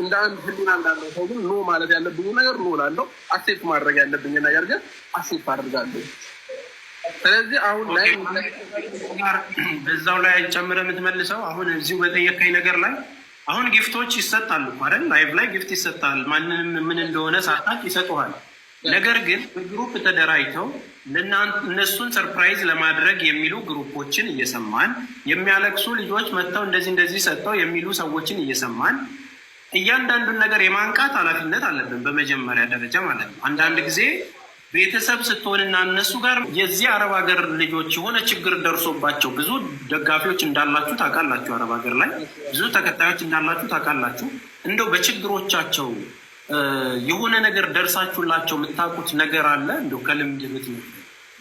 እንደ አንድ ህሊና እንዳለው ሰው ግን ኖ ማለት ያለብኝ ነገር ኖ ላለው አክሴፕት ማድረግ ያለብኝ ነገር ግን አክሴፕት አድርጋለሁ። ስለዚህ አሁን ላይ በዛው ላይ ጨምረ የምትመልሰው አሁን እዚሁ በጠየቀኝ ነገር ላይ አሁን ጊፍቶች ይሰጣሉ ማለት ላይቭ ላይ ጊፍት ይሰጣል። ማንንም ምን እንደሆነ ሳታቅ ይሰጡሃል። ነገር ግን በግሩፕ ተደራጅተው እነሱን ሰርፕራይዝ ለማድረግ የሚሉ ግሩፖችን እየሰማን የሚያለቅሱ ልጆች መጥተው እንደዚህ እንደዚህ ሰጠው የሚሉ ሰዎችን እየሰማን እያንዳንዱን ነገር የማንቃት ኃላፊነት አለብን፣ በመጀመሪያ ደረጃ ማለት ነው። አንዳንድ ጊዜ ቤተሰብ ስትሆንና እነሱ ጋር የዚህ አረብ ሀገር ልጆች የሆነ ችግር ደርሶባቸው ብዙ ደጋፊዎች እንዳላችሁ ታውቃላችሁ፣ አረብ ሀገር ላይ ብዙ ተከታዮች እንዳላችሁ ታውቃላችሁ። እንደው በችግሮቻቸው የሆነ ነገር ደርሳችሁላቸው የምታውቁት ነገር አለ? እንደው ከልምድ ምት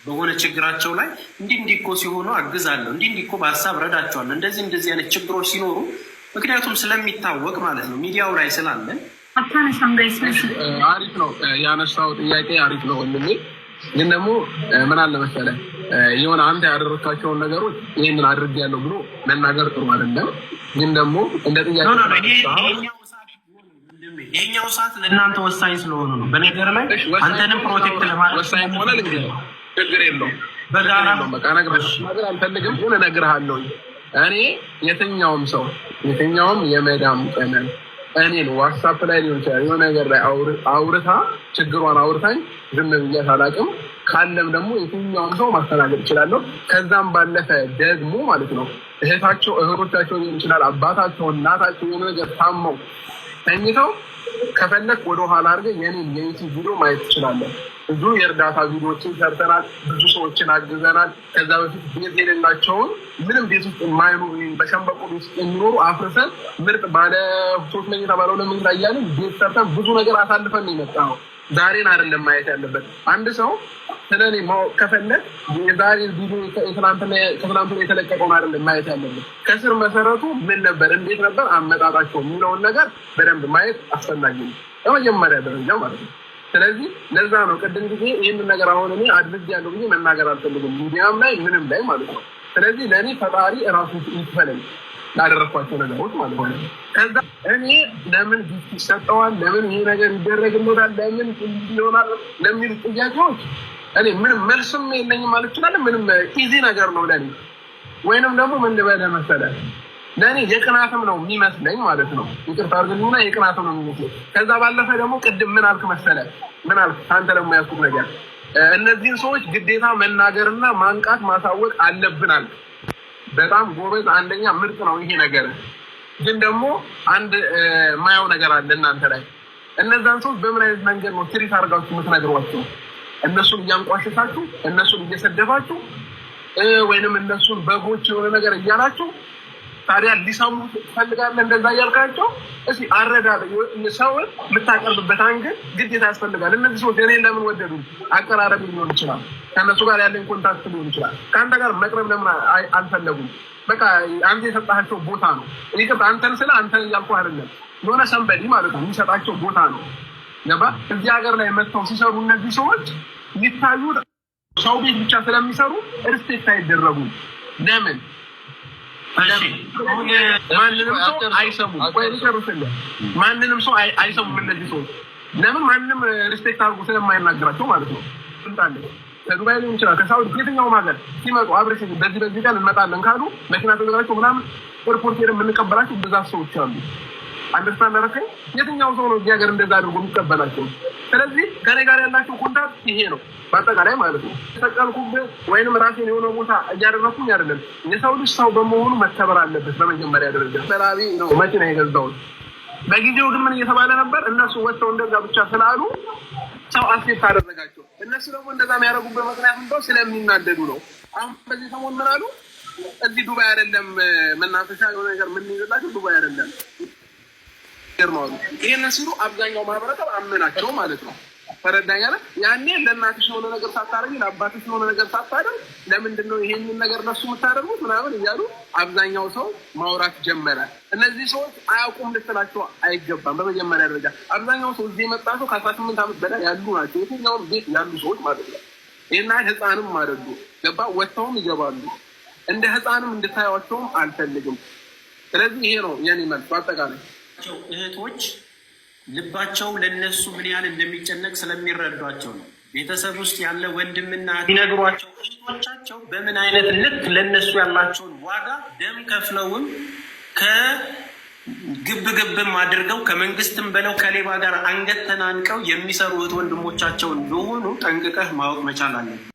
በሆነ ችግራቸው ላይ እንዲህ እንዲህ እኮ ሲሆኑ አግዛለሁ፣ እንዲህ እንዲህ እኮ በሀሳብ ረዳቸዋለሁ፣ እንደዚህ እንደዚህ አይነት ችግሮች ሲኖሩ ምክንያቱም ስለሚታወቅ ማለት ነው ሚዲያው ላይ ስላለ አሪፍ ነው ያነሳው ጥያቄ አሪፍ ነው። ወንድሜ ግን ደግሞ ምን አለ መሰለ የሆነ አንተ ያደረካቸውን ነገሮች ይህንን ያለው ብሎ መናገር ጥሩ አይደለም። ግን ደግሞ እንደ ጥያቄ የኛው ሰዓት ለእናንተ ወሳኝ ስለሆኑ ነው። በነገር ላይ አንተንም ፕሮቴክት ለማድረግ ወሳኝ ሆነ ችግር የለውም። በጋራ ነገር አልፈልግም ሆነ እነግርሃለሁ እኔ የትኛውም ሰው የትኛውም የመዳም ቀመን እኔን ዋትሳፕ ላይ ሊሆን ይችላል የሆነ ነገር ላይ አውርታ ችግሯን አውርታኝ ዝም ብያት ካለም ደግሞ የትኛውም ሰው ማስተናገድ እችላለሁ። ከዛም ባለፈ ደግሞ ማለት ነው እህታቸው እህቶቻቸው ሊሆን ይችላል አባታቸው እናታቸው የሆነ ነገር ታመው ተኝተው ከፈለክ ወደ ኋላ አድርገህ የኔን የዩቲዩብ ቪዲዮ ማየት ትችላለን። ብዙ የእርዳታ ቪዲዮዎችን ሰርተናል። ብዙ ሰዎችን አግዘናል። ከዛ በፊት ቤት የሌላቸውን ምንም ቤት ውስጥ የማይኖሩ በሸንበቆ ውስጥ የሚኖሩ አፍርሰን ምርጥ ባለ ሶስት መኝታ ባለ ሁለት መኝታ እያለን ቤት ሰርተን ብዙ ነገር አሳልፈን የመጣ ነው። ዛሬን አይደለም ማየት ያለበት። አንድ ሰው ስለ እኔ ማወቅ ከፈለግ የዛሬ የተለቀቀውን አይደለም ማየት ያለበት። ከስር መሰረቱ ምን ነበር፣ እንዴት ነበር አመጣጣቸው የሚለውን ነገር በደንብ ማየት አስፈላጊ ነው፣ ለመጀመሪያ ደረጃ ማለት ነው። ስለዚህ ለዛ ነው ቅድም ጊዜ ይህን ነገር አሁን እኔ አድርግ ያለው ጊዜ መናገር አልፈልግም፣ ሚዲያም ላይ ምንም ላይ ማለት ነው። ስለዚህ ለእኔ ፈጣሪ እራሱ ይክፈለኝ። ያደረግኳቸው ነገሮች ማለት ነው። ከዛ እኔ ለምን ይሰጠዋል፣ ለምን ይህ ነገር ይደረግለታል፣ ለምን ይሆናል ለሚሉ ጥያቄዎች እኔ ምንም መልስም የለኝም ማለት እችላለሁ። ምንም ኢዚ ነገር ነው ለኔ። ወይንም ደግሞ ምን ልበለ መሰለ ለእኔ የቅናትም ነው የሚመስለኝ ማለት ነው። ይቅርታ አድርግልኝና የቅናትም ነው የሚመስለኝ። ከዛ ባለፈ ደግሞ ቅድም ምን አልክ መሰለ፣ ምን አልክ አንተ ደግሞ ያስኩት ነገር እነዚህን ሰዎች ግዴታ መናገርና ማንቃት ማሳወቅ አለብን በጣም ጎበዝ፣ አንደኛ ምርጥ ነው። ይሄ ነገር ግን ደግሞ አንድ ማየው ነገር አለ እናንተ ላይ። እነዛን ሰዎች በምን አይነት መንገድ ነው ትሪት አድርጋችሁ የምትነግሯቸው? እነሱን እያንቋሸሳችሁ እነሱን እየሰደባችሁ፣ ወይንም እነሱን በጎች የሆነ ነገር እያላችሁ ታዲያ ሊሰሙ ትፈልጋለህ? እንደዛ እያልካቸው እስ አረዳለ ሰውን የምታቀርብበት አንግል ግዴታ ያስፈልጋል። እነዚህ ሰዎች እኔ ለምን ወደዱ? አቀራረብ ሊሆን ይችላል፣ ከእነሱ ጋር ያለኝ ኮንታክት ሊሆን ይችላል። ከአንተ ጋር መቅረብ ለምን አልፈለጉም? በቃ አንተ የሰጣቸው ቦታ ነው። ይቅርታ አንተን ስለ አንተን እያልኩ አይደለም፣ የሆነ ሰንበዲ ማለት ነው የሚሰጣቸው ቦታ ነው። ገባ እዚህ ሀገር ላይ መጥተው ሲሰሩ እነዚህ ሰዎች ሊታዩ ሰው ቤት ብቻ ስለሚሰሩ ሪስፔክት አይደረጉም። ለምን ማንንም ሰው አይሰሙም። ማንንም እነዚህ ሰዎች ለምን ማንም ሪስፔክት አድርጎ ስለማይናገራቸው ማለት ነው። ስልጣን ከዱባይ ሊሆን ይችላል ከሳውዲ የትኛውም ሀገር ሲመጡ አብሬ በዚህ በዚህ ቀን እንመጣለን ካሉ መኪና ተዘጋጅቶ ምናምን ኤርፖርት ሄደን የምንቀበላቸው ብዛት ሰዎች አሉ። አንደርስታንድ አደረከኝ። የትኛው ሰው ነው እዚህ ሀገር እንደዛ አድርጎ የሚቀበላቸው? ስለዚህ ከኔ ጋር ያላቸው ኮንታክት ይሄ ነው በአጠቃላይ ማለት ነው። የተሰቀልኩብህ ወይንም ራሴን የሆነ ቦታ እያደረኩኝ አይደለም። የሰው ልጅ ሰው በመሆኑ መተበር አለበት በመጀመሪያ ደረጃ። ተራቢ ነው መኪና የገዛሁት በጊዜው ግን ምን እየተባለ ነበር? እነሱ ወጥተው እንደዛ ብቻ ስላሉ ሰው አስቴት አደረጋቸው። እነሱ ደግሞ እንደዛ የሚያደርጉበት ምክንያት እንደው ስለሚናደዱ ነው። አሁን በዚህ ሰሞን ምን አሉ? እዚህ ዱባይ አይደለም መናፈሻ የሆነ ነገር ምን ይዘላቸው ዱባይ አይደለም ነው አሉ። ይህንን ሲሉ አብዛኛው ማህበረሰብ አመናቸው ማለት ነው። ተረዳኝ አለ። ያኔ ለእናትሽ የሆነ ነገር ሳታደርግ ለአባትሽ የሆነ ነገር ሳታደርግ ለምንድን ነው ይሄንን ነገር ነሱ የምታደርጉት ምናምን እያሉ አብዛኛው ሰው ማውራት ጀመረ። እነዚህ ሰዎች አያውቁም ልትላቸው አይገባም። በመጀመሪያ ደረጃ አብዛኛው ሰው እዚህ የመጣ ሰው ከአስራ ስምንት ዓመት በላይ ያሉ ናቸው። የትኛውም ቤት ያሉ ሰዎች ማለት ነው። ይህና ህፃንም አደሉ ገባ ወጥተውም ይገባሉ። እንደ ህፃንም እንድታያቸውም አልፈልግም። ስለዚህ ይሄ ነው የኔ መልስ አጠቃላይ ያላቸው እህቶች ልባቸው ለነሱ ምን ያህል እንደሚጨነቅ ስለሚረዷቸው ነው። ቤተሰብ ውስጥ ያለ ወንድምና ሊነግሯቸው እህቶቻቸው በምን አይነት ልክ ለነሱ ያላቸውን ዋጋ ደም ከፍለውም ከግብ ግብም አድርገው ከመንግስትም በለው ከሌባ ጋር አንገት ተናንቀው የሚሰሩ እህት ወንድሞቻቸው እንደሆኑ ጠንቅቀህ ማወቅ መቻል አለብን።